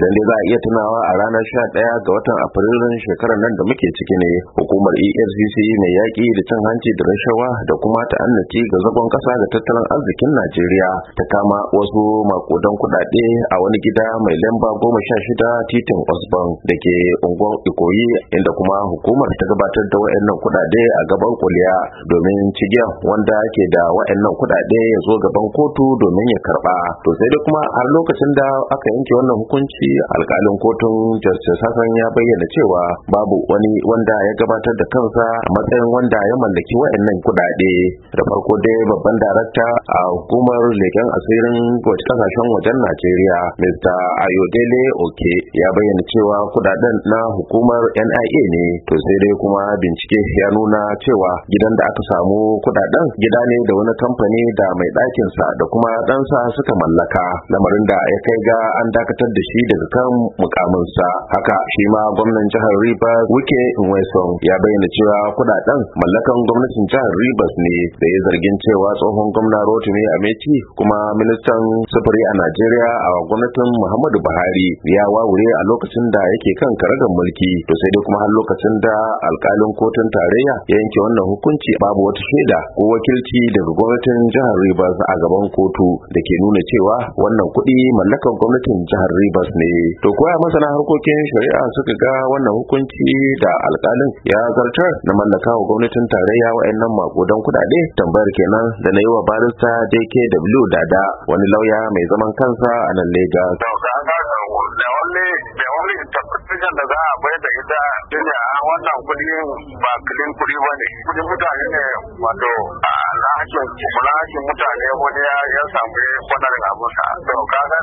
idan dai za a iya tunawa a ranar sha ɗaya ga watan afrilun shekarar nan da muke ciki ne hukumar ERCC mai yaƙi da cin hanci da rashawa da kuma ta ta'annaci ga zagon ƙasa da tattalin arzikin najeriya ta kama wasu makudan kuɗaɗe a wani gida mai lamba goma sha shida titin Osbon, da ke unguwar ikoyi inda kuma hukumar ta gabatar da wa'annan kuɗaɗe a gaban kuliya domin cigiyar wanda ke da wa'annan kuɗaɗe ya zo gaban kotu domin ya karɓa to sai dai kuma har lokacin da aka yanke wannan hukunci alkalin kotun justice Sassan ya bayyana cewa babu wani wanda ya gabatar da kansa a matsayin wanda ya mallaki wa'annan kuɗaɗe da farko dai babban darakta a hukumar leken asirin kasashen wajen najeriya mr ayodele oke ya bayyana cewa kudaden na hukumar NIA ne to sai dai kuma bincike ya nuna cewa gidan da aka samu kudaden gida ne da wani kamfani da mai ɗakinsa da kuma ɗansa suka mallaka lamarin da ya kai ga an dakatar da shi daga kan sa haka shi ma gwamnan jihar Rivers Wike Nwesom ya bayyana cewa kudaden mallakan gwamnatin jihar Rivers ne da ya zargin cewa tsohon gwamna Rotimi Ameti kuma ministan sufuri a Najeriya a gwamnatin Muhammadu Buhari ya wawu ɗaure a lokacin da yake kan karagar mulki to sai dai kuma har lokacin da alkalin kotun tarayya ya yanke wannan hukunci babu wata shaida ko wakilci daga gwamnatin jihar Rivers a gaban kotu da ke nuna cewa wannan kuɗi mallakar gwamnatin jihar Rivers ne to koya masana harkokin shari'a suka ga wannan hukunci da alkalin ya zartar na mallaka wa gwamnatin tarayya wa'annan makudan kuɗaɗe tambayar kenan da na yi wa barista JKW Dada wani lauya mai zaman kansa a nan Lagos. za a bai da ita shine a wannan kuɗi ba kilin kuɗi ba ne kuɗin mutane ne wato a hakin kula hakin mutane wani ya samu kwanarin abinsa to kaga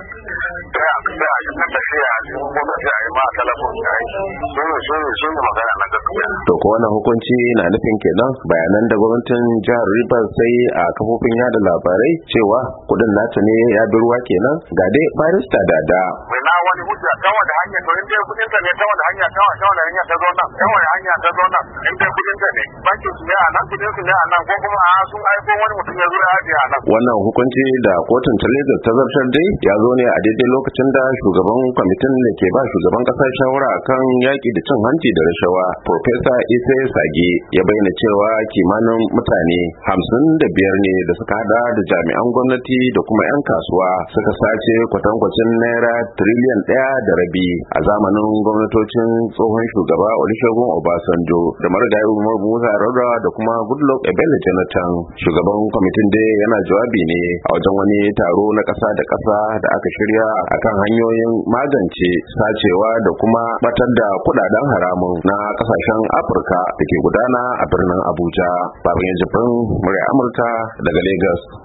sai a sai a yi tafiya a cikin gwamnati ba talakon kai shi ne shi ne shi ne magana na gaskiya to ko wannan hukunci na nufin kenan bayanan da gwamnatin jihar Rivers sai a kafofin yada labarai cewa kudin nata ne ya bi ruwa kenan ga dai barista dada na wani hujja ta wani hanya to inda kudin ta ne ta wani hanya ta wani hanya ta zo nan ta wani hanya ta zo nan in kudin ta ne bankin su ne a nan kudin su ne a nan ko kuma a sun aiko wani mutum ya zo ya ajiye a nan wannan hukunci da kotun ta Lagos ta zartar dai ya zo ne a daidai lokacin da shugaban kwamitin da ke ba shugaban ƙasa shawara kan yaƙi da cin hanci da rashawa Profesa Isa Sage ya bayyana cewa kimanin mutane hamsin da biyar ne da suka hada da jami'an gwamnati da kuma 'yan kasuwa suka sace kwatankwacin naira tiriliyan ɗaya da rabi a zamanin gwamnatocin tsohon shugaba Olusegun Obasanjo da marigayi Umar Musa Rarra, da kuma Goodluck Ebele Jonathan shugaban kwamitin dai yana jawabi ne a wajen wani taro na ƙasa da ƙasa da aka shirya akan hanyoyin magance sacewa da kuma batar da kudaden haramun na kasashen Afirka da ke gudana a birnin Abuja. Babban Jibrin, murya Amurka daga Lagos.